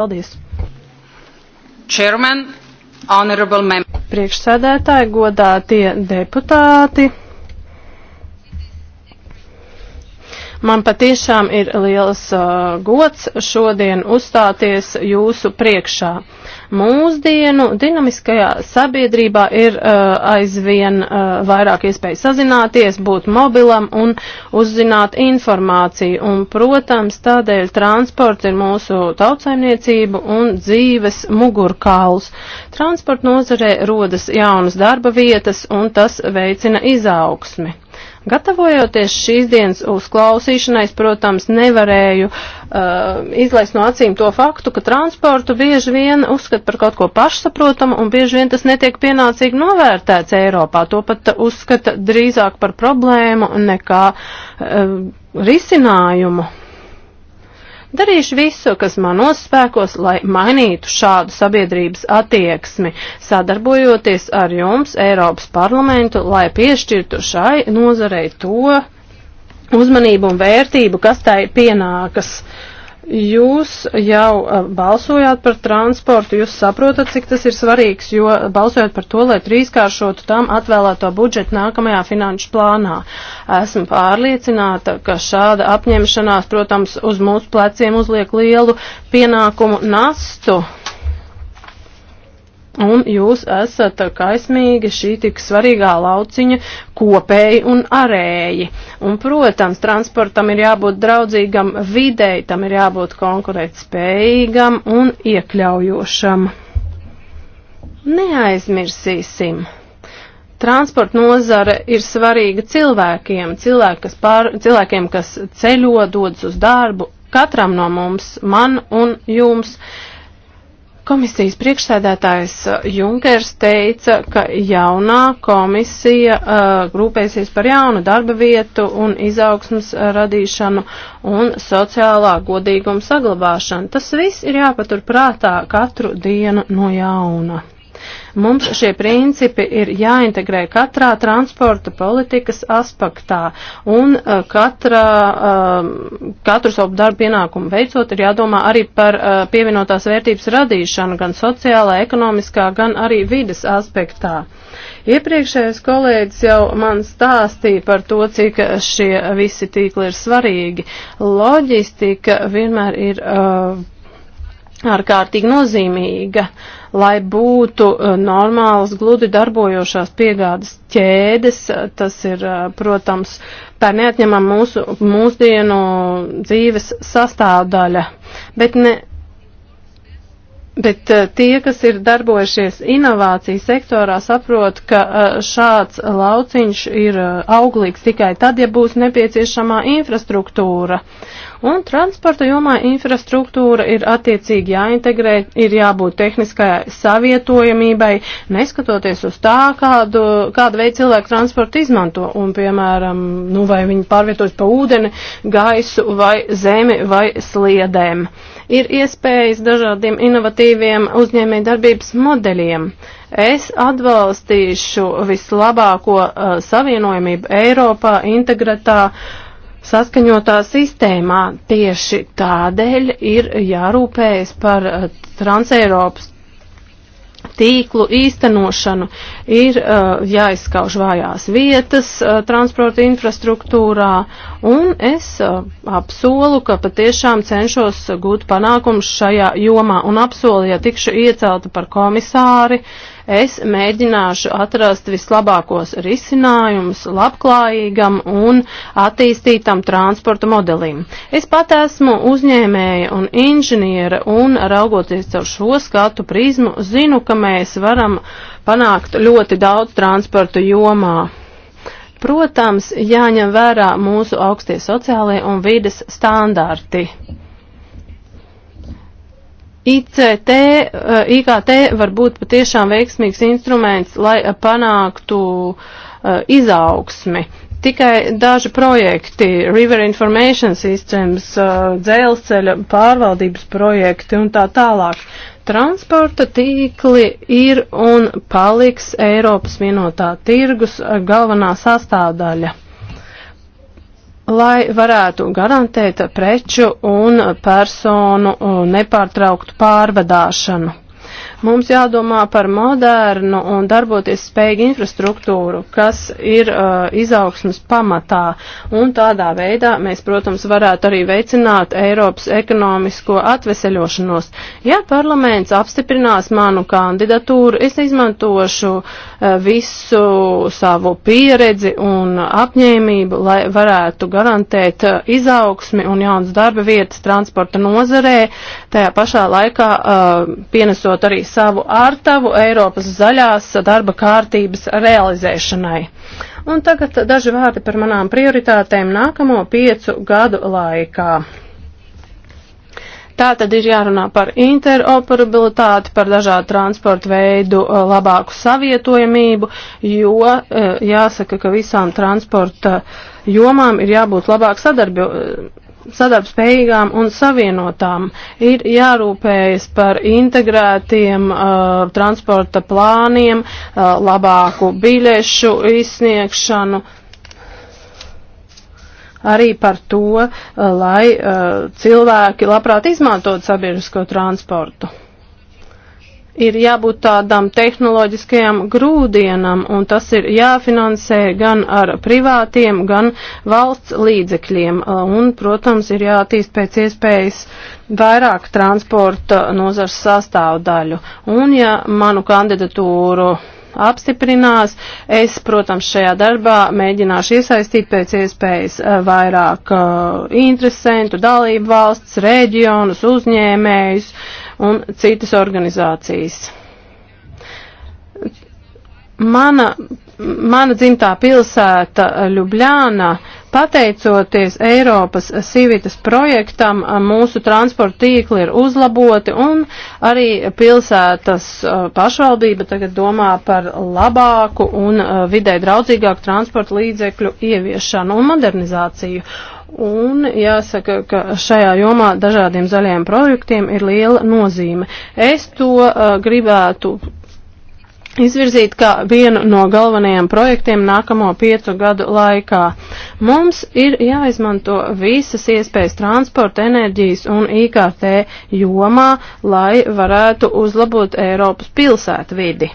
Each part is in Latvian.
Paldies! Chairman, honorable member. Priekšsēdētāji, godātie deputāti. Man patiešām ir liels uh, gods šodien uzstāties jūsu priekšā. Mūsdienu dinamiskajā sabiedrībā ir uh, aizvien uh, vairāk iespēju sazināties, būt mobilam un uzzināt informāciju. Un, protams, tādēļ transports ir mūsu tautsaimniecību un dzīves mugurkauls. Transporta nozarē rodas jaunas darba vietas un tas veicina izaugsmi. Gatavojoties šīs dienas uzklausīšanai, protams, nevarēju uh, izlaist no acīm to faktu, ka transportu bieži vien uzskata par kaut ko pašsaprotamu un bieži vien tas netiek pienācīgi novērtēts Eiropā. To pat uzskata drīzāk par problēmu nekā uh, risinājumu. Darīšu visu, kas manos spēkos, lai mainītu šādu sabiedrības attieksmi, sadarbojoties ar jums, Eiropas parlamentu, lai piešķirtu šai nozarei to uzmanību un vērtību, kas tai pienākas. Uh, Jūs jau uh, balsojāt par transportu, jūs saprotat, cik tas ir svarīgs, jo balsojāt par to, lai trīskāršotu tam atvēlēto budžetu nākamajā finanšu plānā. Esmu pārliecināta, ka šāda apņemšanās, protams, uz mūsu pleciem uzliek lielu pienākumu nastu. Un jūs esat kaismīgi šī tik svarīgā lauciņa kopēji un arēji. Un, protams, transportam ir jābūt draudzīgam videi, tam ir jābūt konkurētspējīgam un iekļaujošam. Neaizmirsīsim. Transporta nozare ir svarīga cilvēkiem, cilvēki, kas pār, cilvēkiem, kas ceļo, dodas uz darbu, katram no mums, man un jums. Uh, Komisijas priekšsēdētājs uh, Junkers teica, ka jaunā komisija uh, rūpēsies par jaunu darba vietu un izaugsmas uh, radīšanu un sociālā godīguma saglabāšanu. Tas viss ir jāpatur prātā katru dienu no jauna. Mums šie principi ir jāintegrē katrā transporta politikas aspektā un eh, katrā, eh, katru savu darbu pienākumu veicot ir jādomā arī par eh, pievienotās vērtības radīšanu gan sociālā, ekonomiskā, gan arī vides aspektā. Iepriekšējais kolēģis jau man stāstīja par to, cik šie visi tīkli ir svarīgi. Loģistika vienmēr ir uh, ārkārtīgi nozīmīga, lai būtu uh, normālas, gludi darbojošās piegādes ķēdes. Uh, tas ir, uh, protams, par neatņemam mūsu mūsdienu dzīves sastāvdaļa. Bet ne Bet eh, tie, kas ir darbojušies inovāciju sektorā, saprot, ka eh, šāds lauciņš ir eh, auglīgs tikai tad, ja būs nepieciešamā infrastruktūra. Un transporta jomā infrastruktūra ir attiecīgi jāintegrē, ir jābūt tehniskai savietojamībai, neskatoties uz tā, kādu, kādu veidu cilvēku transportu izmanto. Un, piemēram, nu, vai viņi pārvietojas pa ūdeni, gaisu vai zemi vai sliedēm. Uh, ir iespējas dažādiem inovatīviem uzņēmēju darbības modeļiem. Es atbalstīšu vislabāko uh, savienojumību Eiropā, integratā, saskaņotā sistēmā. Tieši tādēļ ir jārūpējas par uh, Transeiropas tīklu īstenošanu. Ir uh, jāizskauž vājās vietas uh, transporta infrastruktūrā, un es uh, apsolu, ka patiešām cenšos gūt panākumus šajā jomā, un apsolu, ja tikšu iecelta par komisāri, es mēģināšu atrast vislabākos risinājumus labklājīgam un attīstītam transporta modelim. Es pat esmu uzņēmēja un inženiera, un raugoties caur šo skatu prizmu, zinu, ka mēs varam panākt ļoti daudz transportu jomā. Protams, jāņem vērā mūsu augstie sociālie un vides standarti. ICT, eh, IKT var būt patiešām veiksmīgs instruments, lai panāktu uh, izaugsmi. Tikai daži projekti, River Information Systems, uh, dzelzceļa pārvaldības projekti un tā tālāk. Transporta tīkli ir un paliks Eiropas vienotā tirgus galvenā sastāvdaļa lai varētu garantēt preču un personu uh, nepārtrauktu pārvadāšanu. Mums jādomā par modernu un darboties spējīgu infrastruktūru, kas ir uh, izaugsmas pamatā. Un tādā veidā mēs, protams, varētu arī veicināt Eiropas ekonomisko atveseļošanos. Ja parlaments apstiprinās manu kandidatūru, es izmantošu uh, Eh, visu savu pieredzi un apņēmību, lai varētu garantēt eh, izaugsmi un jaunas darba vietas transporta nozarē, tajā pašā laikā eh, pienesot arī savu ārtavu Eiropas zaļās darba kārtības realizēšanai. Un tagad daži vārdi par manām prioritātēm nākamo piecu gadu laikā. Tā tad ir jārunā par interoperabilitāti, par dažādu transportu veidu eh, labāku savietojamību, jo eh, jāsaka, ka visām transporta jomām ir jābūt labāk sadarbi, eh, sadarbspējīgām un savienotām. Ir jārūpējas par integrētiem uh, transporta plāniem, uh, labāku biļešu izsniegšanu. Uh, arī par to, eh, lai eh, cilvēki labprāt izmantot sabiedrisko transportu ir jābūt tādam tehnoloģiskajam grūdienam, un tas ir jāfinansē gan ar privātiem, gan valsts līdzekļiem. Eh, un, protams, ir jātīst pēc iespējas vairāk transporta nozars sastāvdaļu. Un, ja manu kandidatūru apstiprinās. Es, protams, šajā darbā mēģināšu iesaistīt pēc iespējas eh, vairāk eh, interesentu, dalību valsts, reģionus, uzņēmējus un citas organizācijas. Mana, mana dzimtā pilsēta eh, Ljubljāna, pateicoties Eiropas Sivitas projektam, eh, mūsu transporta tīkli ir uzlaboti un arī pilsētas eh, pašvaldība tagad domā par labāku un vidē draudzīgāku transporta līdzekļu ieviešanu un modernizāciju. Un jāsaka, ka šajā jomā dažādiem zaļajiem projektiem ir liela nozīme. Es to uh, gribētu izvirzīt kā vienu no galvenajiem projektiem nākamo piecu gadu laikā. Mums ir jāizmanto visas iespējas transporta, enerģijas un IKT jomā, lai varētu uzlabot Eiropas pilsētu vidi.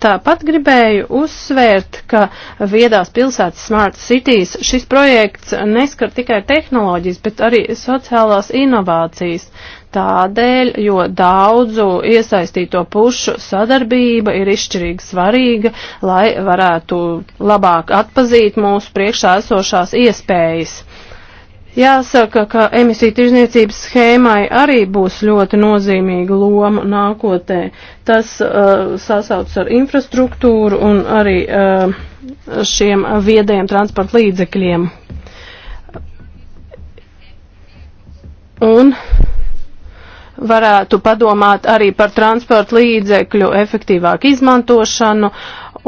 Tāpat gribēju uzsvērt, ka viedās pilsētas Smart Cities šis projekts neskar tikai tehnoloģijas, bet arī sociālās inovācijas tādēļ, jo daudzu iesaistīto pušu sadarbība ir izšķirīgi svarīga, lai varētu labāk atpazīt mūsu priekšā esošās iespējas. Jāsaka, ka emisiju tirzniecības schēmai arī būs ļoti nozīmīga loma nākotnē. Tas uh, sasauc ar infrastruktūru un arī uh, šiem viedajiem transporta līdzekļiem. Un varētu padomāt arī par transporta līdzekļu efektīvāku izmantošanu.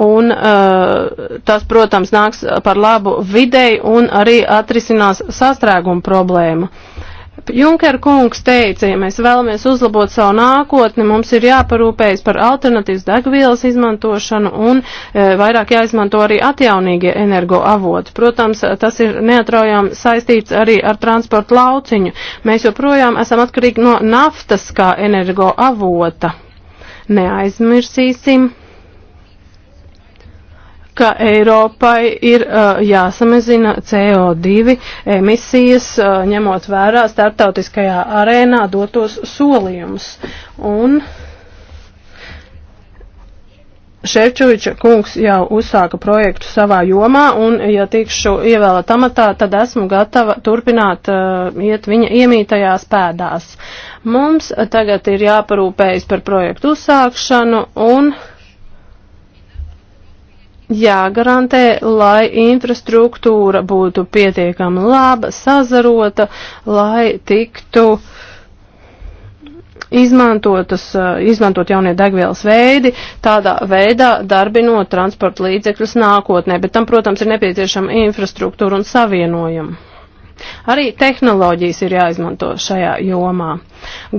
Un uh, tas, protams, nāks par labu videi un arī atrisinās sastrēgumu problēmu. Uh, Junker kungs teica, ja mēs vēlamies uzlabot savu nākotni, mums ir jāparūpējas par alternatīvas degvielas izmantošanu un e, vairāk jāizmanto arī atjaunīgie energoavoti. Protams, tas ir neatraujām saistīts arī ar transportu lauciņu. Mēs joprojām esam atkarīgi no naftas kā energoavota. Neaizmirsīsim ka Eiropai ir uh, jāsamazina CO2 emisijas, uh, ņemot vērā starptautiskajā arēnā dotos solījumus. Un Šefčoviča kungs jau uzsāka projektu savā jomā, un, ja tikšu ievēlēt amatā, tad esmu gatava turpināt uh, iet viņa iemītajās pēdās. Mums tagad ir jāparūpējas par projektu uzsākšanu un. Uh, jāgarantē, lai infrastruktūra būtu pietiekami laba, sazarota, lai tiktu izmantotas, eh, izmantot jaunie degvielas veidi, tādā veidā darbinot transporta līdzekļus nākotnē, bet tam, protams, ir nepieciešama infrastruktūra un savienojuma. Arī tehnoloģijas ir jāizmanto šajā jomā.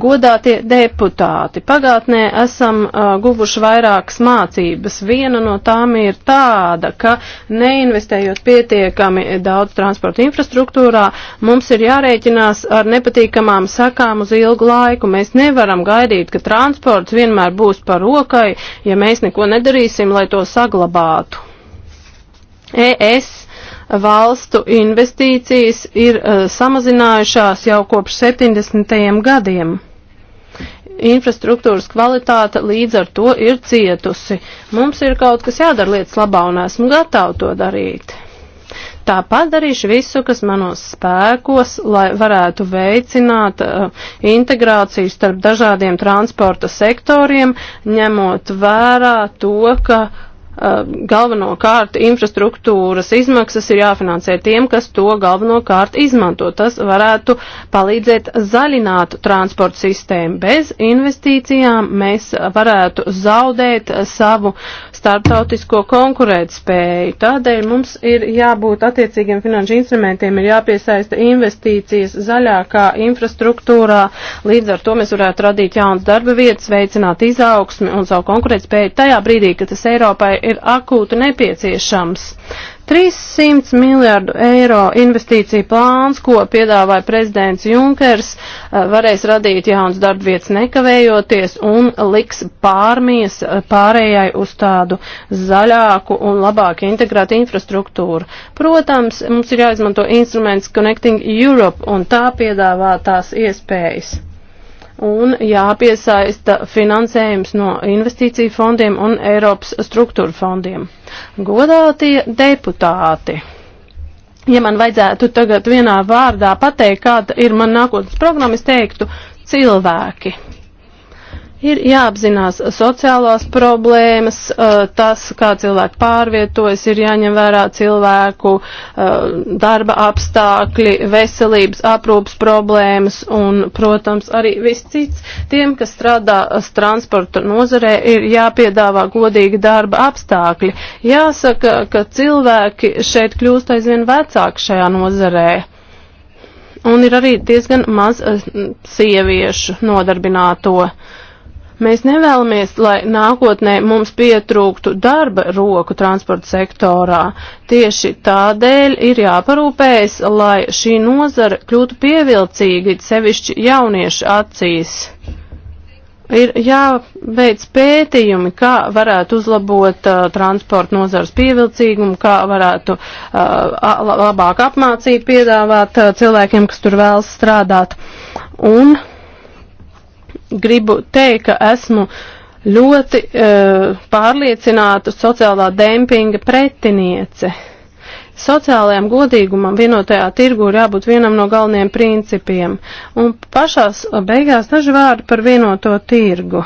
Godātie deputāti, pagātnē esam uh, guvuši vairākas mācības. Viena no tām ir tāda, ka neinvestējot pietiekami daudz transporta infrastruktūrā, mums ir jārēķinās ar nepatīkamām sakām uz ilgu laiku. Mēs nevaram gaidīt, ka transports vienmēr būs par rokai, ja mēs neko nedarīsim, lai to saglabātu. ES valstu investīcijas ir uh, samazinājušās jau kopš 70. gadiem. Infrastruktūras kvalitāte līdz ar to ir cietusi. Mums ir kaut kas jādara lietas labā un esmu gatava to darīt. Tāpat darīšu visu, kas manos spēkos, lai varētu veicināt uh, integrāciju starp dažādiem transporta sektoriem, ņemot vērā to, ka uh, Ehm, galvenokārt infrastruktūras izmaksas ir jāfinansē tiem, kas to galvenokārt izmanto. Tas varētu palīdzēt zaļināt transporta sistēmu. Bez investīcijām mēs varētu zaudēt savu starptautisko konkurētspēju. Tādēļ mums ir jābūt attiecīgiem finanšu instrumentiem, ir jāpiesaista investīcijas zaļākā infrastruktūrā. Līdz ar to mēs varētu radīt jaunas darba vietas, veicināt izaugsmi un savu konkurētspēju tajā brīdī, kad tas Eiropai ir akūti nepieciešams. 300 miljārdu eiro investīciju plāns, ko piedāvāja prezidents Junkers, eh, varēs radīt jauns darbvietas nekavējoties un liks pārmies eh, pārējai uz tādu zaļāku un labāk integrētu infrastruktūru. Protams, mums ir jāizmanto instruments Connecting Europe un tā piedāvā tās iespējas un jāpiesaista finansējums no investīciju fondiem un Eiropas struktūra fondiem. Godātie deputāti! Ja man vajadzētu tagad vienā vārdā pateikt, kāda ir man nākotnes programma, es teiktu cilvēki. Ir jāapzinās sociālās problēmas, uh, tas, kā cilvēki pārvietojas, ir jāņem vērā cilvēku uh, darba apstākļi, veselības aprūpas problēmas un, protams, arī viss cits. Tiem, kas strādā uh, transporta nozarē, ir jāpiedāvā godīgi darba apstākļi. Jāsaka, ka cilvēki šeit kļūst aizvien vecāki šajā nozarē un ir arī diezgan maz sieviešu nodarbināto. Uh, Mēs nevēlamies, lai nākotnē mums pietrūktu darba roku transporta sektorā. Tieši tādēļ ir jāparūpējas, lai šī nozara kļūtu pievilcīga sevišķi jauniešu acīs. Ir jāveic pētījumi, kā varētu uzlabot uh, transporta nozares pievilcīgumu, kā varētu uh, labāk apmācību piedāvāt uh, cilvēkiem, kas tur vēlas strādāt. Un gribu teikt, ka esmu ļoti uh, pārliecināta sociālā dempinga pretiniece. Sociālajam godīgumam vienotajā tirgu ir jābūt vienam no galvenajiem principiem, un pašās eh, beigās daži vārdi par vienoto tirgu.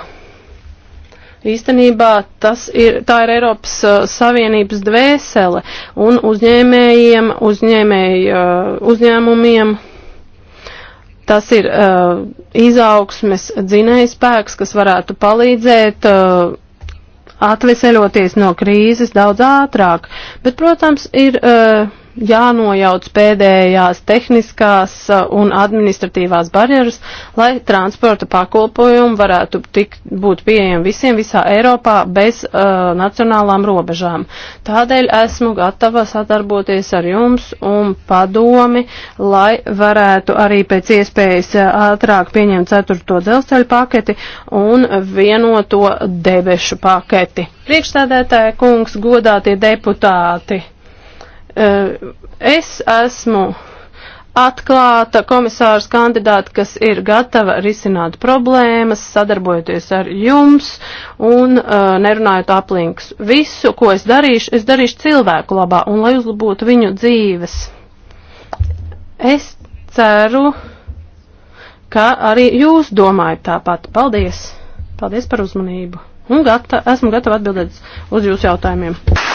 Īstenībā tas ir, tā ir Eiropas uh, Savienības dvēsele, un uzņēmējiem, uzņēmēju, uh, uzņēmumiem Tas ir uh, izaugsmes dzinējspēks, kas varētu palīdzēt uh, atveseļoties no krīzes daudz ātrāk. Bet, protams, ir. Uh, jānojauc pēdējās tehniskās uh, un administratīvās barjeras, lai transporta pakalpojumi varētu tik, būt pieejami visiem visā Eiropā bez uh, nacionālām robežām. Tādēļ esmu gatava sadarboties ar jums un padomi, lai varētu arī pēc iespējas uh, ātrāk pieņemt ceturto dzelzceļu paketi un vienoto debešu paketi. Priekšstādētāja kungs, godātie deputāti! Eh, es esmu atklāta komisārs kandidāta, kas ir gatava risināt problēmas, sadarbojoties ar jums un uh, nerunājot aplinks. Visu, ko es darīšu, es darīšu cilvēku labā un lai uzlabotu viņu dzīves. Es ceru, ka arī jūs domājat tāpat. Paldies! Paldies par uzmanību! Un gata, esmu gatava atbildēt uz jūsu jautājumiem.